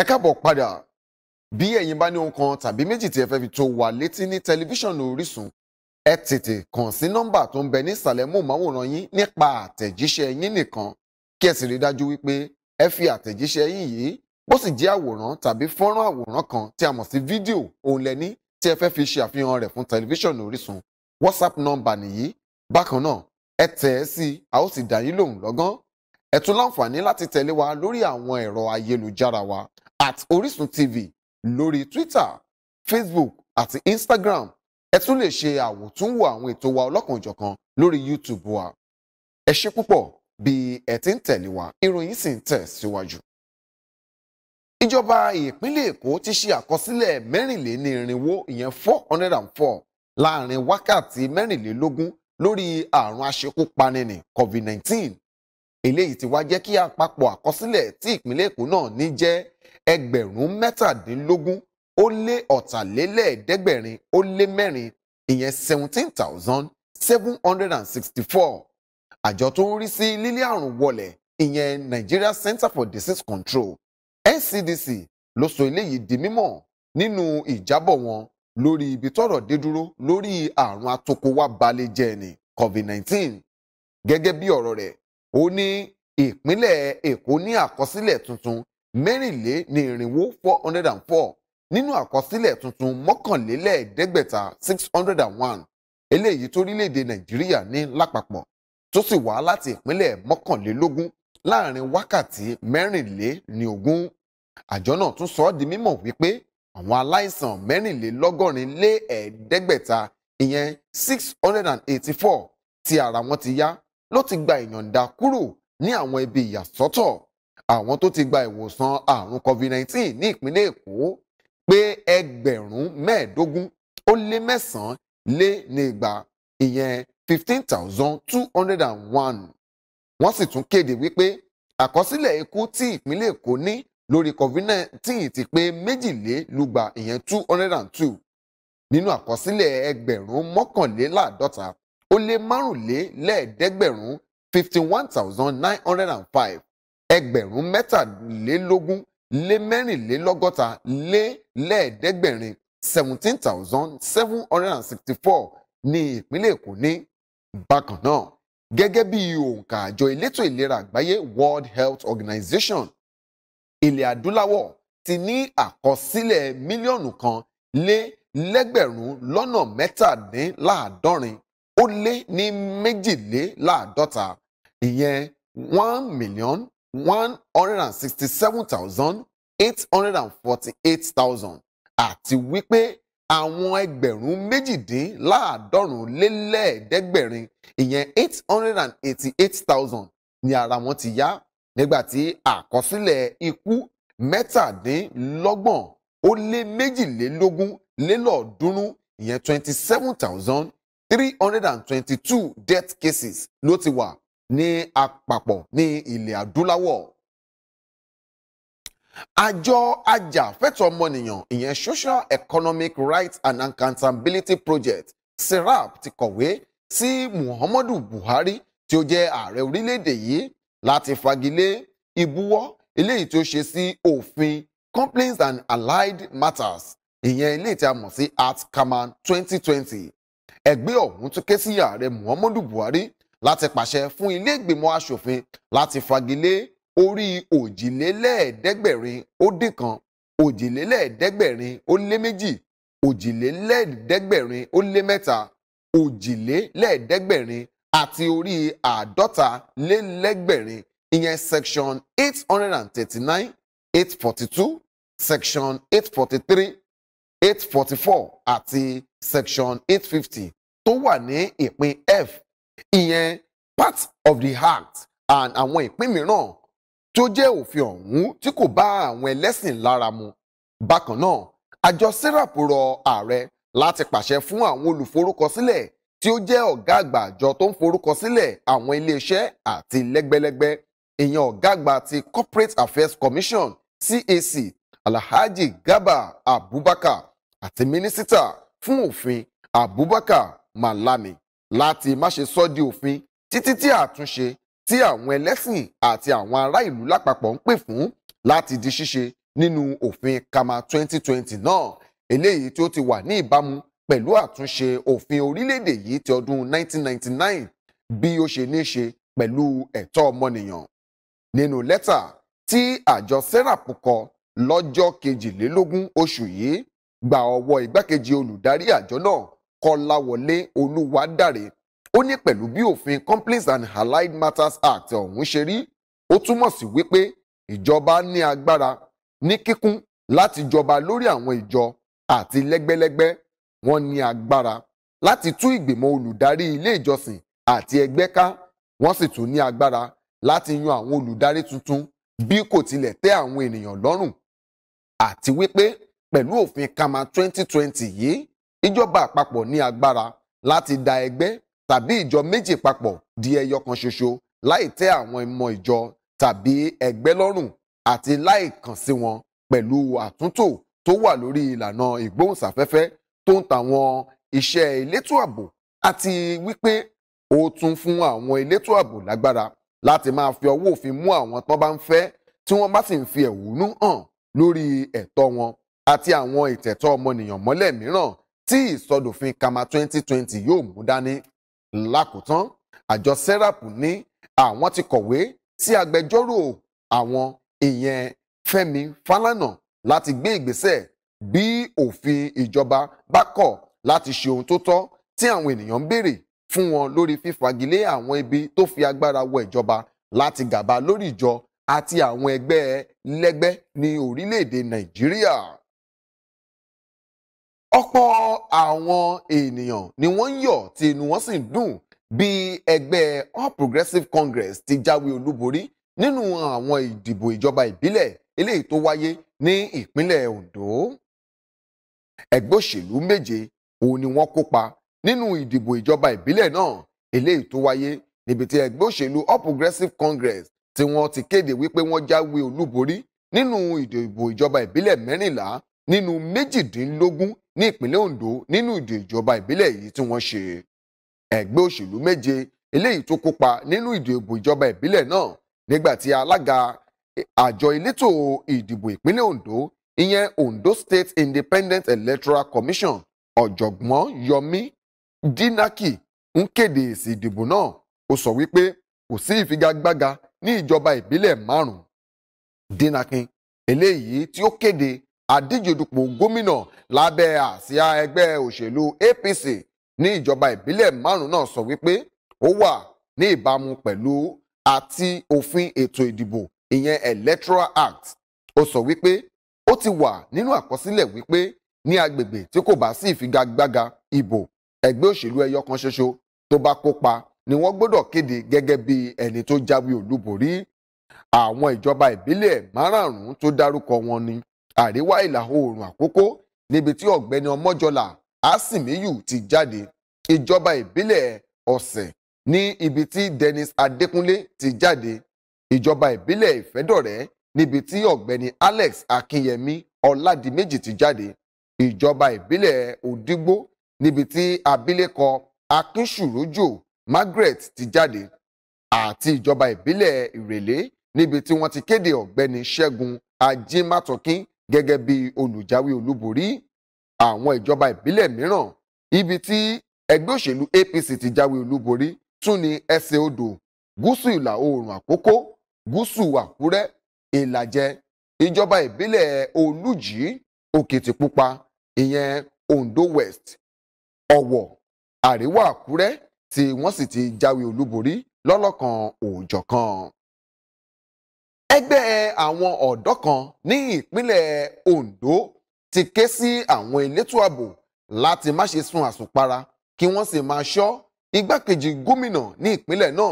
ẹ káàbọ̀ padà bí ẹ̀yin bá ní ohun kan tàbí méjì tí ẹ fẹ́ fi tó wa létí ní tẹlifíṣàn Orísun ẹ tètè kàn sí nọ́mbà tó ń bẹ ní ìsàlẹ̀ móhùnmáwòrán yín nípa àtẹ̀jíṣẹ́ yín nìkan kí ẹ sì rí dájú wípé ẹ fi àtẹ̀jíṣẹ́ yín yìí bó sì jẹ́ àwòrán tàbí fọ́nrán àwòrán kan tí a mọ̀ sí fídíò òun lẹ́ni tí ẹ fẹ́ fi ṣe àfihàn rẹ̀ fún tẹlifíṣàn Orísun WhatsApp nọ́mbà nìyí bákan náà ẹ tẹ̀ ẹ́ sí a ó sì dá yín lóhùn lọ́gán ẹ tún láǹfààní láti tẹ̀lé wa lórí àwọn ẹ̀rọ ayélujára wa at Orísun TV lórí Twitter Facebook àti Instagram ẹ tún lè ṣe àwòtúnwò àwọn ètò wa ọlọ́kanòjọ̀kan lórí YouTube wa ẹ ṣe púpọ̀ bí ẹ ti ń tẹ̀lé wa ìròyìn sì ń tẹ̀ síwájú. ìjọba ìpínlẹ̀ Èkó ti ṣe àkọsílẹ̀ mẹ́rìnlénírinwó ìyẹn four hundred and four láàrin wákàtí mẹ́rìnlélógún lórí àrùn aṣekúpani ní COVID-19 eléyìí ti wá jẹ́ kí àpapọ̀ àkọsílẹ̀ tí ìpínlẹ̀ Èkó náà ní jẹ́ ẹgbẹ̀rún mẹ́tàdínlógún ó lé ọ̀tàlélẹ́ẹ̀ẹ́dẹ́gbẹ̀rin ó lé mẹ́rin ìyẹn seventeen thousand seven hundred and sixty-four àjọ tó ń rí sí lílé àrùn wọlẹ̀ ìyẹn Nigeria Center for Disease Control NCDC ló sọ eléyìí di mímọ̀ nínú ìjábọ̀ wọn lórí ibi tọ́rọ̀ dé dúró lórí àrùn atokowá balẹ̀ jẹ́ ni COVID-19 gẹ́gẹ́ bí ọ̀rọ̀ rẹ̀ ó ní ìpínlẹ̀ Èkó ní àkọsílẹ̀ tuntun mẹ́rìnlé ní irinwó four hundred and four nínú àkọsílẹ̀ tuntun mọ́kànlélẹ́ẹ̀ẹ́dẹ́gbẹ̀ta six hundred and one eléyìí tórílẹ̀-èdè nàìjíríà ní lápapọ̀ tó sì wá láti ìpínlẹ̀ mọ́kànlélógún láàrin wákàtí mẹ́rìnléníogún àjọ náà tún sọ ọ́ di mímọ̀ wípé àwọn aláìsàn mẹ́rìnlélọ́gọ́rin lé ẹ̀ẹ́dẹ́gbẹ̀ta ìyẹn six hundred and eighty four tí ara wọn ti yá ló ti gba ìyọ̀ǹda kúrò ní àwọn ibi ìyàsọ́tọ̀ àwọn tó ti gba ìwòsàn àrùn covid-19 ní ìpínlẹ̀ èkó pé ẹgbẹ̀rún mẹ́ẹ̀ẹ́dógún ó lé mẹ́sàn-án lé ní igba ìyẹn fifteen thousand two hundred and one wọ́n sì tún kéde wípé àkọsílẹ̀ ikú tí ìpínlẹ̀ èkó ní lórí covid-19 ti pé méjìlélúgba ìyẹn two hundred and two nínú àkọsílẹ̀ ẹgbẹ̀rún mọ́kànléláàádọ́ta ó lé márùnlélẹ́ẹ̀ẹ́dẹ́gbẹ̀rún fifty one thousand nine hundred and five ẹgbẹ̀rún mẹ́tàlélógún lé mẹ́rìnlélọ́gọ́ta lé lẹ́ẹ̀ẹ́dẹ́gbẹ̀rin seventeen thousand seven hundred and sixty-four ní ìpínlẹ̀ Èkó ní bákan náà gẹ́gẹ́ bí òǹkà àjọ elétò ìlera àgbáyé World Health Organization ilẹ̀ adúláwọ̀ ti ní àkọsílẹ̀ mílíọ̀nù kan lé lẹ́gbẹ̀rún lọ́nà mẹ́tàdínláàádọ́rin ó lé ní méjìléláàádọ́ta ìyẹn one million one hundred and sixty-seven thousand eight hundred and forty-eight thousand àti wípé àwọn ẹgbẹ̀rún méjìdínláàádọ́rùn lélẹ́ẹ̀ẹ́dẹ́gbẹ̀rin ìyẹn eight hundred and eighty-eight thousand ni ara wọn ti yá nígbà tí àkọsílẹ̀ ikú mẹ́tàdínlọ́gbọ̀n ó lé méjìlélógún lélọ́ọ̀ọ́dúnrún ìyẹn twenty-seven thousand three hundred and twenty-two death cases ló ti wà ní àpapọ̀ ní ilẹ̀ adúláwọ̀ àjọ ajàfẹ́tọ̀ ọmọnìyàn ìyẹn social economic rights and accountability project serap ti kọ̀wé sí muhammadu buhari tí ó jẹ́ ààrẹ orílẹ̀-èdè yìí láti fagilé ìbuwọ́ eléyìí tí ó ṣe sí òfin complaints and allied matters ìyẹn eléyìí tí a mọ̀ sí atcaman 2020 ẹgbẹ́ ọ̀hún tún ké sí ààrẹ muhammadu buhari láti pàṣẹ fún ilé ìgbìmọ̀ asòfin láti fagilé orí òjìlélẹ́ẹ̀ẹ́dẹ́gbẹ̀rin ó dín kan òjìlélẹ́ẹ̀ẹ́dẹ́gbẹ̀rin ó lé méjì òjìlélẹ́ẹ̀ẹ́dẹ́gbẹ̀rin ó lé mẹ́ta òjìlélẹ́ẹ̀ẹ́dẹ́gbẹ̀rin àti orí àádọ́ta lé lẹ́gbẹ̀rin ìyẹn section eight hundred and thirty-nine eight forty-two section eight forty-three eight forty-four àti section eight fifty tó wà ní ìpín f ìyẹn part of the heart, and àwọn ìpín mìíràn tó jẹ́ òfin ọ̀hún tí kò bá àwọn ẹlẹ́sìn lára mu bákan náà àjọ serap rọ ààrẹ láti pàṣẹ fún àwọn olùforúkọsílẹ̀ tí ó jẹ́ ọ̀gá àgbà àjọ tó ń forúkọsílẹ̀ àwọn iléeṣẹ́ àti lẹ́gbẹ́lẹ́gbẹ́ èèyàn ọ̀gá àgbà ti corporate affairs commission cac alhaji garba abubakar àti mínísítà fún òfin abubakar malami láti má ṣe sọ di òfin títí tí àtúnṣe tí àwọn ẹlẹ́sìn àti àwọn ará ìlú lápapọ̀ ń pè fún láti di ṣíṣe nínú òfin kama 2020 náà eléyìí tí ó ti wà ní ìbámu pẹ̀lú àtúnṣe òfin orílẹ̀-èdè yìí ti ọdún 1999 bí ó ṣe ní ṣe pẹ̀lú ẹ̀tọ́ ọmọnìyàn nínú lẹ́tà tí àjọ serap kọ lọ́jọ́ kejìlélógún oṣù yìí gba ọwọ́ igbákejì olùdarí àjọ náà kọ́láwọlé olúwadáre ó ní pẹ̀lú bí òfin complaints and allied matters act ọ̀hún ṣe rí ó túmọ̀ sí wípé ìjọba ní agbára ní kíkún láti jọba lórí àwọn ìjọ àti lẹ́gbẹ́lẹ́gbẹ́ wọ́n ní agbára láti tú ìgbìmọ̀ olùdarí ilé ìjọsìn àti ẹgbẹ́ ká wọ́n sì tún ní agbára láti yan àwọn olùdarí tuntun bí kò tilẹ̀ tẹ́ àwọn ènìyàn lọ́rùn àti wípé pẹ̀lú òfin kama 2020 yìí ìjọba àpapọ̀ ní agbára láti da ẹgbẹ́ tàbí ìjọ méjì papọ̀ di ẹyọ kan ṣoṣo láì tẹ́ àwọn ìmọ̀ ìjọ tàbí ẹgbẹ́ lọ́rùn àti láì kàn sí wọn pẹ̀lú àtúntò tó wà lórí ìlànà ìgbóhùnsáfẹ́fẹ́ tó ń tàwọn iṣẹ́ elétò ààbò àti wípé ó tún fún àwọn elétò ààbò lágbára láti máa fi ọwọ́ òfin mú àwọn tán bá ń fẹ́ tí wọ́n bá sì ń fi ẹ̀hónú hàn lórí ẹ̀tọ́ wọn àti àwọn ìtẹ̀tọ́ ọmọnìyàn mọ́lẹ̀ mìíràn tí ìsọdòfin kama 2020 yóò mú dání lákòótán àjọ serap ní àwọn ti kọ̀wé sí agbẹjọ́rò àwọn ìyẹn Fẹ́mi Fálànà láti gbé ìgbésẹ̀ bí òfin ìjọba bá kọ̀ láti ṣe ohun tó tọ́ tí àwọn ènìyàn ń béèrè fún wọn lórí fífagilé àwọn ibi tó fi agbára wọ ìjọba láti gàba lórí ìjọ àti àwọn ẹgbẹ́ lẹ́gbẹ́ ní orílẹ̀ Nàìjíríà ọ̀pọ̀ àwọn ènìyàn ni wọ́n ń yọ̀ tí inú wọn sì ń dùn bí ẹgbẹ́ All Progressives Congress ti jáwé olúborí nínú àwọn ìdìbò ìjọba ìbílẹ̀ eléyìí tó wáyé ní ìpínlẹ̀ Ondo ẹgbẹ́ òṣèlú méje òun ni wọ́n kópa nínú ìdìbò ìjọba ìbílẹ̀ náà eléyìí tó wáyé níbi tí ẹgbẹ́ òṣèlú All progressive Congress tí wọ́n ti kéde wípé wọ́n jáwé olúborí nínú ìdìbò ìjọba ìbílẹ̀ mẹ́rìnlá nínú méjìdínlógún ní ìpínlẹ̀ Ondo nínú ìdè ìjọba ìbílẹ̀ èyí tí wọ́n ṣe ẹgbẹ́ òṣèlú méje eléyìí tó kópa nínú ìdè ìbò ìjọba ìbílẹ̀ náà nígbà tí alága e, àjọ elétò ìdìbò ìpínlẹ̀ Ondo ìyẹn Ondo State Independent Electoral Commission ọ̀jọ̀gbọ́n Yomi Dinaki ń kéde èsì ìdìbò náà ó sọ wípé kò sí ìfigagbága ní ìjọba ìbílẹ̀ márùn-ún Dinaki eléyìí tí ó kéde àdíje dupò gómìnà lábẹ́ àsíá ẹgbẹ́ òṣèlú APC ní ìjọba ìbílẹ̀ márùn náà sọ wípé ó wà ní ìbámu pẹ̀lú àti òfin ètò ìdìbò ìyẹn Electoral Act ó sọ wípé ó ti wà nínú àkọsílẹ̀ wípé ní agbègbè tí kò bá sí ìfigagbága ìbò ẹgbẹ́ òṣèlú ẹyọ kan ṣoṣo tó bá kópa ni wọ́n gbọ́dọ̀ kéde gẹ́gẹ́ bí ẹni tó jáwé olúborí àwọn ìjọba ìbílẹ̀ márààrún tó dárúkọ wọn ni àríwá ìlà oòrùn àkókó níbi tí ọ̀gbẹ́ni ọmọjọlá asimiyu ti jáde ìjọba ìbílẹ̀ ọ̀sẹ̀ ní ibi tí dennis adékúnlé ti jáde ìjọba ìbílẹ̀ ìfẹ́dọ̀rẹ́ níbi tí ọ̀gbẹ́ni alex akínyẹmí ọládìméjì ti jáde ìjọba ìbílẹ̀ òdígbó níbi tí abilékọ akínṣùròjò margaret ti jáde àti ìjọba ìbílẹ̀ ìrèlé níbi tí wọ́n ti kéde ọ̀gbẹ́ni ṣẹ́gun ajímátọ́kín gẹ́gẹ́ bí olùjáwé olúborí àwọn ìjọba ìbílẹ̀ mìíràn ibi tí ẹgbẹ́ òṣèlú APC ti jáwé olúborí tún ni ẹsẹ̀ odò gúúsù ìlà oòrùn àkókó gúúsù àkúrẹ́ ìlàjẹ ìjọba ìbílẹ̀ olùjì òkìtìpupa ìyẹn ondo west ọ̀wọ̀ àríwá àkúrẹ́ tí wọ́n sì ti jáwé olúborí lọ́lọ́kan òòjọ̀kan ẹgbẹ́ àwọn ọ̀dọ́ kan ní ìpínlẹ̀ Ondo ti ké sí àwọn elétò ààbò láti má ṣe sun àsùnpara kí wọ́n sì máa ṣọ́ igbákejì gómìnà ní ìpínlẹ̀ náà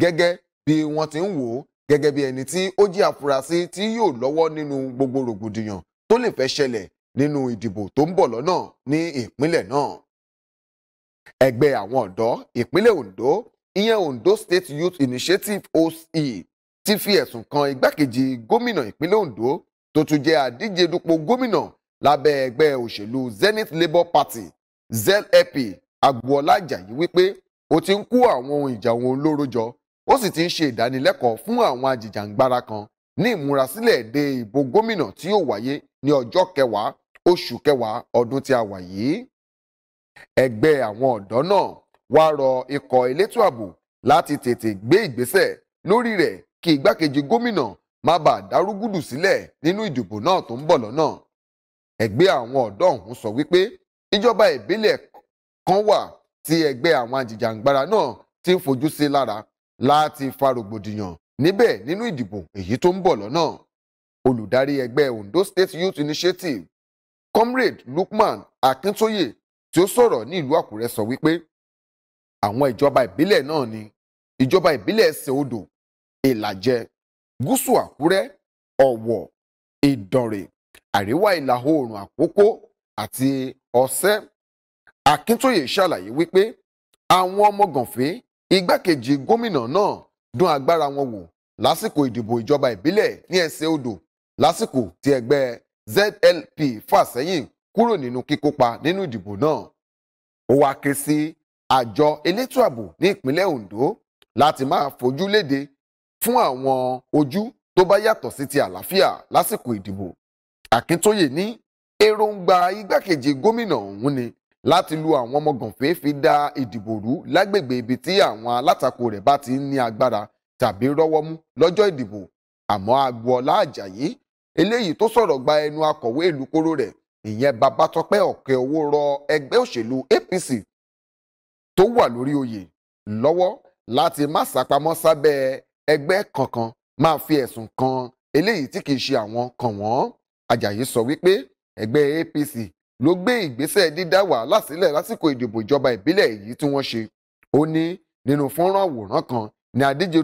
gẹ́gẹ́ bí wọ́n ti ń wò ó gẹ́gẹ́ bí ẹni tí ó jẹ́ àfúrásì tí yóò lọ́wọ́ nínú gbogbo rògbòdìyàn tó lè fẹ́ ṣẹlẹ̀ nínú ìdìbò tó ń bọ̀ lọ́nà ní ìpínlẹ̀ náà. ẹgbẹ́ àwọn ọ̀dọ́ ìpínlẹ̀ Ondo ìyẹn Ondo State Youth Initiative OCE ti fi ẹ̀sùn kan igbákejì gómìnà ìpínlẹ̀ Ondo tó tún jẹ́ àdíje dupò gómìnà lábẹ́ ẹgbẹ́ òṣèlú Zenith Labour Party ZLP Agboola Ajayi wípé ó ti ń kó àwọn ohun ìjà òun olóró jọ ó sì ti ń ṣe ìdánilẹ́kọ̀ọ́ fún àwọn ajìjàǹgbara kan ní ìmúrasílẹ̀ de ìbò gómìnà tí yóò wáyé ní ọjọ́ kẹwàá oṣù kẹwàá ọdún tí a wà yìí. ẹgbẹ́ àwọn ọ̀dọ́ náà wá rọ ikọ̀ elétò ààbò láti tètè gbé ìgbésẹ̀ lórí rẹ̀ kí igbákejì gómìnà má bàa dárúgúdù sílẹ̀ nínú ìdìbò náà tó ń bọ̀ lọ́nà. ẹgbẹ́ àwọn ọ̀dọ́ ọ̀hún sọ wípé ìjọba ìbílẹ̀ kan wà tí ẹgbẹ́ àwọn àjìjàǹgbara náà ti ń fojú sí lára láti fa rògbòdìyàn níbẹ̀ nínú ìdìbò èyí tó ń bọ̀ lọ́nà. olùdarí ẹgbẹ́ Ondo State Youth Initiative Comrade Lukman Akintoye tí ó sọ̀rọ̀ ní ìlú Àkúrẹ́ sọ wípé àwọn ìjọba ìbílẹ̀ náà ni ìjọba ìbílẹ̀ Ẹsẹ̀ Odò ìlàjẹ gúúsù àkúrẹ́ ọ̀wọ̀ ìdànrè àríwá ìlà oòrùn àkókó àti ọ̀sẹ́ akíntóyè ṣàlàyé wípé àwọn ọmọ gànfẹ́ igbákejì gómìnà náà dún agbára wọn wò lásìkò ìdìbò ìjọba ìbílẹ̀ ní ẹsẹ̀ odò lásìkò tí ẹgbẹ́ zlp fà sẹ́yìn kúrò nínú kíkópa nínú ìdìbò náà ó wá ké sí àjọ elétò ààbò ní ìpínlẹ̀ Ondo láti máa fojú léde fún àwọn ojú tó bá yàtọ̀ sí ti àlàáfíà lásìkò ìdìbò Akíntóyè ní èròǹgbà igbákejì gómìnà ọ̀hún ni láti lu àwọn ọmọ gànfẹ́ fi dá ìdìbò rú lágbègbè ibi tí àwọn alátakò rẹ̀ bá ti ń ní agbára tàbí rọ́wọ́ mú lọ́jọ́ ìdìbò àmọ́ Agboola Ajayi eléyìí tó sọ̀rọ̀ gba ẹnu akọ̀wé ìlú kóró rẹ̀ ìyẹn Babátọ́pẹ́ ọ̀kẹ́ owó rọ ẹgbẹ́ òṣèlú APC tó wà lórí oyè lọ́wọ́ láti má sápamọ́ sábẹ́ ẹgbẹ́ kankan máa fi ẹ̀sùn kan eléyìí tí kìí ṣe àwọn kan wọ́n Àjàyí sọ wípé ẹgbẹ́ APC ló gbé ìgbésẹ̀ dídá wàhálà sílẹ̀ lásìkò ìdìbò ìjọba ìbílẹ̀ èyí tí wọ́n ṣe ó ní nínú fọ́nrán àwòrán kan ni adíje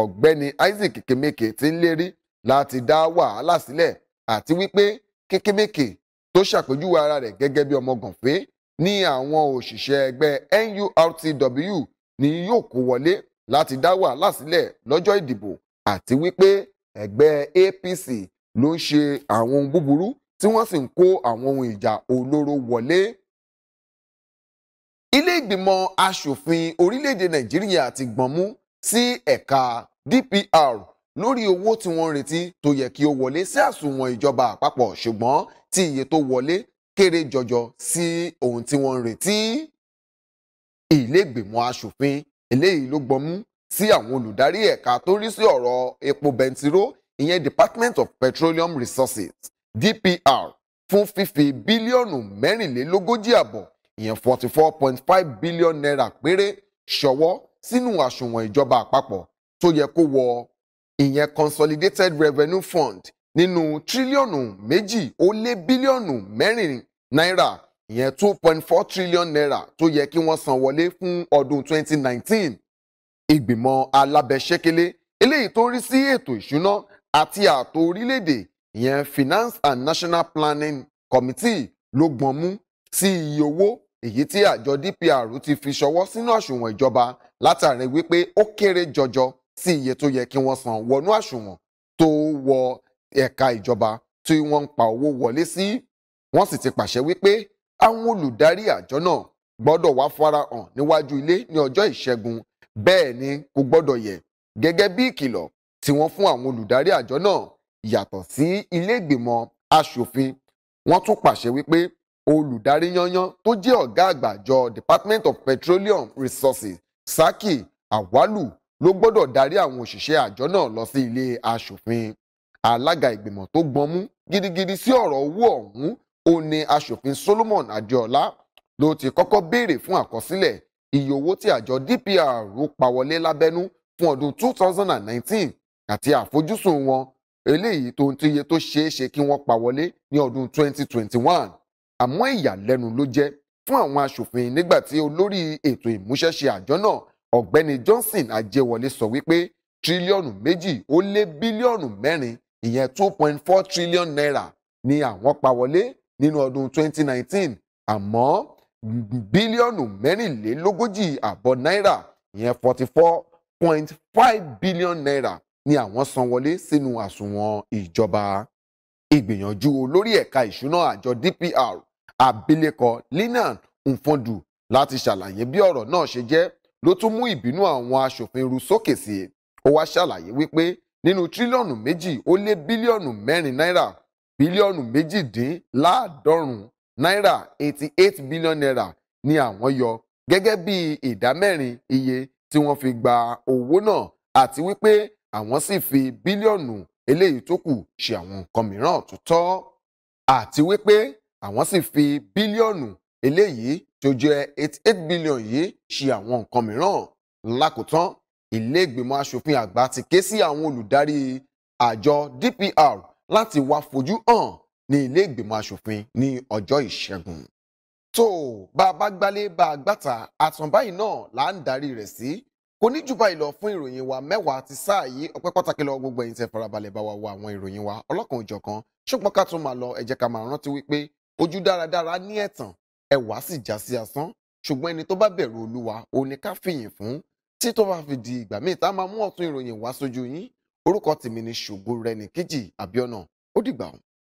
ọ̀gbẹ́ni Isaac Kémékè ti ń lérí láti dá wàhálà sílẹ̀ àti wípé Kékémékè tó ṣàpèjúwe ara rẹ̀ gẹ́gẹ́ bí ọmọ gànfẹ́ ní àwọn òṣìṣẹ́ ẹgbẹ́ NURTW ni yóò kó wọlé láti dá wàhálà sílẹ̀ lọ́jọ́ ìdìbò àti wípé ẹgbẹ́ APC ló ń ṣe àwọn ohun búburú tí wọ́n sì ń kó àwọn ohun ìjà olóró wọlé. ilé ìgbìmọ̀ asòfin orílẹ̀-èdè Nàìjíríà ti gbọ̀nmú sí ẹ̀ka DPR lórí owó tí wọ́n ń retí tó yẹ kí ó wọlé sí àsùnwọ̀n ìjọba àpapọ̀ ṣùgbọ́n tí iye tó wọlé kéré jọjọ sí ohun tí wọ́n ń retí. ilé ìgbìmọ̀ asòfin eléyìí ló gbọmú sí àwọn olùdarí ẹ̀ka tó rí sí ọ̀rọ̀ epo bẹntiró ìyẹn Department of Petroleum Resources DPR fún fífi bílíọ̀nù mẹ́rìnlélógójì àbọ̀ ìyẹn forty four point five billion naira péré ṣọwọ́ sínú àsùnwọ̀n ìjọba àpapọ̀ tó yẹ kó wọ ìyẹn Consolidated Revenue Fund nínú tírílíọ̀nù méjì ó lé bílíọ̀nù mẹ́rin náírà ìyẹn two point four trillion naira tó yẹ kí wọ́n san wọlé fún ọdún twenty nineteen ìgbìmọ̀ alábẹ́sẹ́kẹ́lé eléyìí tó ń rí sí ètò ìṣúná àti ààtò orílẹ̀-èdè ìyẹn finance and national planning committee ló gbọ́n mú sí iye owó èyí tí àjọ DPR ti fi ṣọwọ́ sínú àsùnwọ̀n ìjọba látàrí wípé ó kéré jọjọ sí iye tó yẹ kí wọ́n san wọnú àsùnwọ̀n tó wọ ẹ̀ka ìjọba tí wọ́n ń pa owó wọlé sí wọ́n sì ti pàṣẹ wípé àwọn olùdarí àjọ náà gbọ́dọ̀ wá farahàn níwájú ilé ní ọjọ́ ìṣẹ́gun bẹ́ẹ̀ ni kò gbọ́dọ̀ yẹ̀ gẹ́gẹ́ bí ìkìlọ̀ tí wọ́n fún àwọn olùdarí àjọ náà yàtọ̀ sí ilé ìgbìmọ̀ aṣòfin wọ́n tún pàṣẹ wípé olùdarí yanyan tó jẹ́ ọ̀gá àgbà àjọ Department of Petroleum Resources saki awalu ló gbọ́dọ̀ darí àwọn òṣìṣẹ́ àjọ náà lọ sí ilé aṣòfin alága ìgbìmọ̀ tó gbọ́nmú gidigidi sí ọ̀rọ̀ owó ọ̀hún ó ní aṣòfin Solomon Adéọlá ló ti kọ́kọ́ béèrè fún àkọsílẹ̀ iye owó tí àjọ DPR pa wọlé lábẹ́nú fún ọdún 2019 àti àfojúsùn wọn eléyìí tó ń ti iye tó ṣeé ṣe kí wọ́n pa wọlé ní ọdún 2021 àmọ́ ìyàlẹ́nu ló jẹ́ fún àwọn aṣòfin nígbà tí olórí ètò ìmúṣẹ́ṣe àjọ náà ọ̀gbẹ́ni Johnson Ajéwọlé sọ wípé tírílíọ̀nù méjì ó lé bílíọ̀nù mẹ́rin ìyẹn 2.4 trillion naira ni àwọn pa wọlé nínú ọdún 2019 àmọ́ bílíọ̀nù mẹ́rìnlélógójì àbọ̀ náírà ìyẹn 44.5 billion naira ni àwọn san wọlé sínú àsùnwọ̀n ìjọba ìgbìyànjú olórí ẹ̀ka ìṣúná àjọ DPR abilékọ Linan Nfondu láti ṣàlàyé bí ọ̀rọ̀ náà ṣe jẹ́ ló tún mú ìbínú àwọn aṣòfin ru sókè sí i ó wá ṣàlàyé wípé nínú tírílíọ̀nù méjì ó lé bílíọ̀nù mẹ́rin náírà bílíọ̀nù méjìdínláàádọ́rùn-ún náírà eighty eight billion naira ni àwọn yọ gẹ́gẹ́ bí ìdá mẹ́rin iye tí wọ́n fi gba owó náà àti wípé àwọn sì fi bílíọ̀nù eléyìí tó kù ṣe àwọn nǹkan mìíràn tó tọ́ àti wípé àwọn sì fi bílíọ̀nù eléyìí tó jẹ́ eighty eight billion yìí ṣe àwọn nǹkan mìíràn lákòótán ilé ìgbìmọ̀ asòfin àgbà ti ké sí àwọn olùdarí àjọ DPR láti wá fojú hàn ní ilé ìgbìmọ̀ asòfin ní ọjọ́ ìṣẹ́gun tó bá a bá gbálé bá a gbàtà àtàn báyìí náà là ń darí rẹ̀ sí kò ní jù báyìí lọ fún ìròyìn wa mẹ́wàá ti sáà yìí ọpẹ́ pàtàkì lọ gbogbo ẹ̀yin tẹ́ farabalẹ̀ bá wa wo àwọn ìròyìn wa ọlọ́kan òjọ̀kan ṣùgbọ́n ká tún máa lọ ẹ jẹ́ ká máa rántí wípé ojú dáradára ní ẹ̀tàn ẹ̀wà sì já sí asán ṣùgbọ́n ẹni tó bá bẹ̀rù olúwa òun ni ká fìyìn fún orúkọ tèmi ni ṣògo rẹnìkejì àbíọ́nà ó dìgbà ọ̀hún.